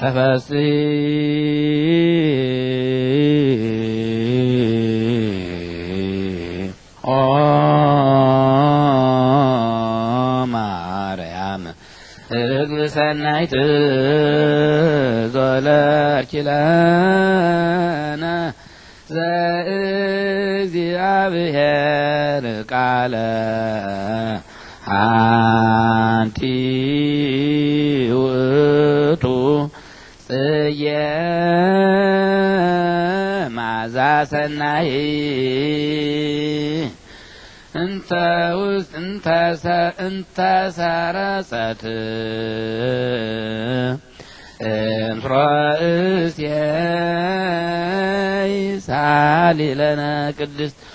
ተፈሲ ኦ ማርያም ርግብ ሰናይት ዞለርኪለነ ዘእግዚአብሔር ቃለ አንቲ ጽየማዛ ሰናይ እንተ ውስጥ እንተ ሰረጸት እምስሮ እሴይ ሳሊለነ ቅድስት